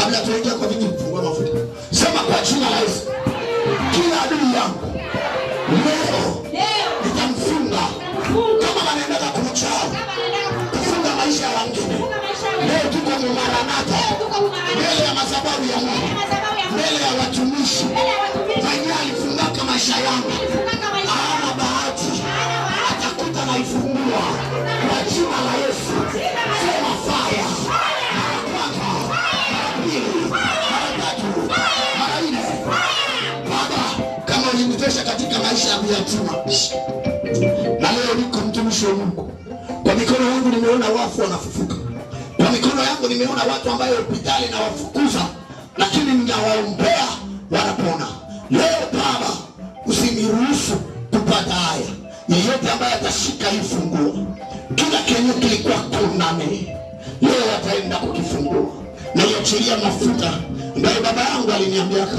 Kabla tuingia kwa vitu fungua mafuta. Sema kwa jina la Yesu, kila adui yangu leo nitamfunga. Kama anaenda kwa kuchao kufunga maisha ya mtu leo tuko Maranatha, mbele ya madhabahu ya Mungu, mbele ya watumishi mwenyewe alifungaka maisha yangu, ana bahati atakuta naifungua katika maisha yangu ya tuma. Na leo niko mtumishi wa Mungu, kwa mikono yangu nimeona wafu wanafufuka, kwa mikono yangu nimeona watu ambayo hospitali na wafukuza, lakini ninawaombea wanapona. Leo Baba, usiniruhusu kupata haya. Yeyote ambaye atashika hii funguo, kila kenye kilikuwa kuname, leo ataenda kukifungua. Naiachilia mafuta ambayo baba yangu aliniambiaka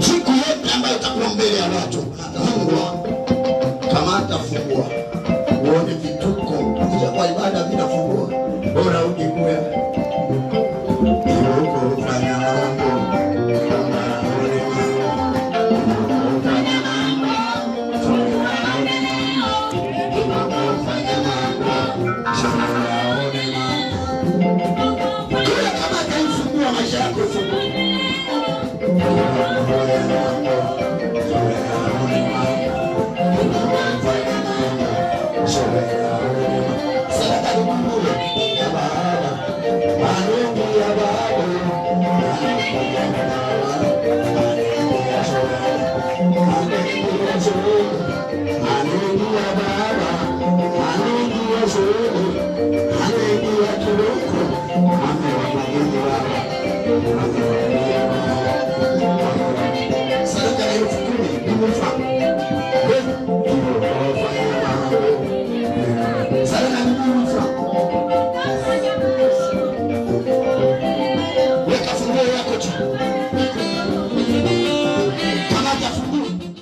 siku yote ambayo utakuwa mbele ya watu, Mungu kamata, fungua uone vituko vitakuwa ibada vinafungua, bora ujikue Thank you.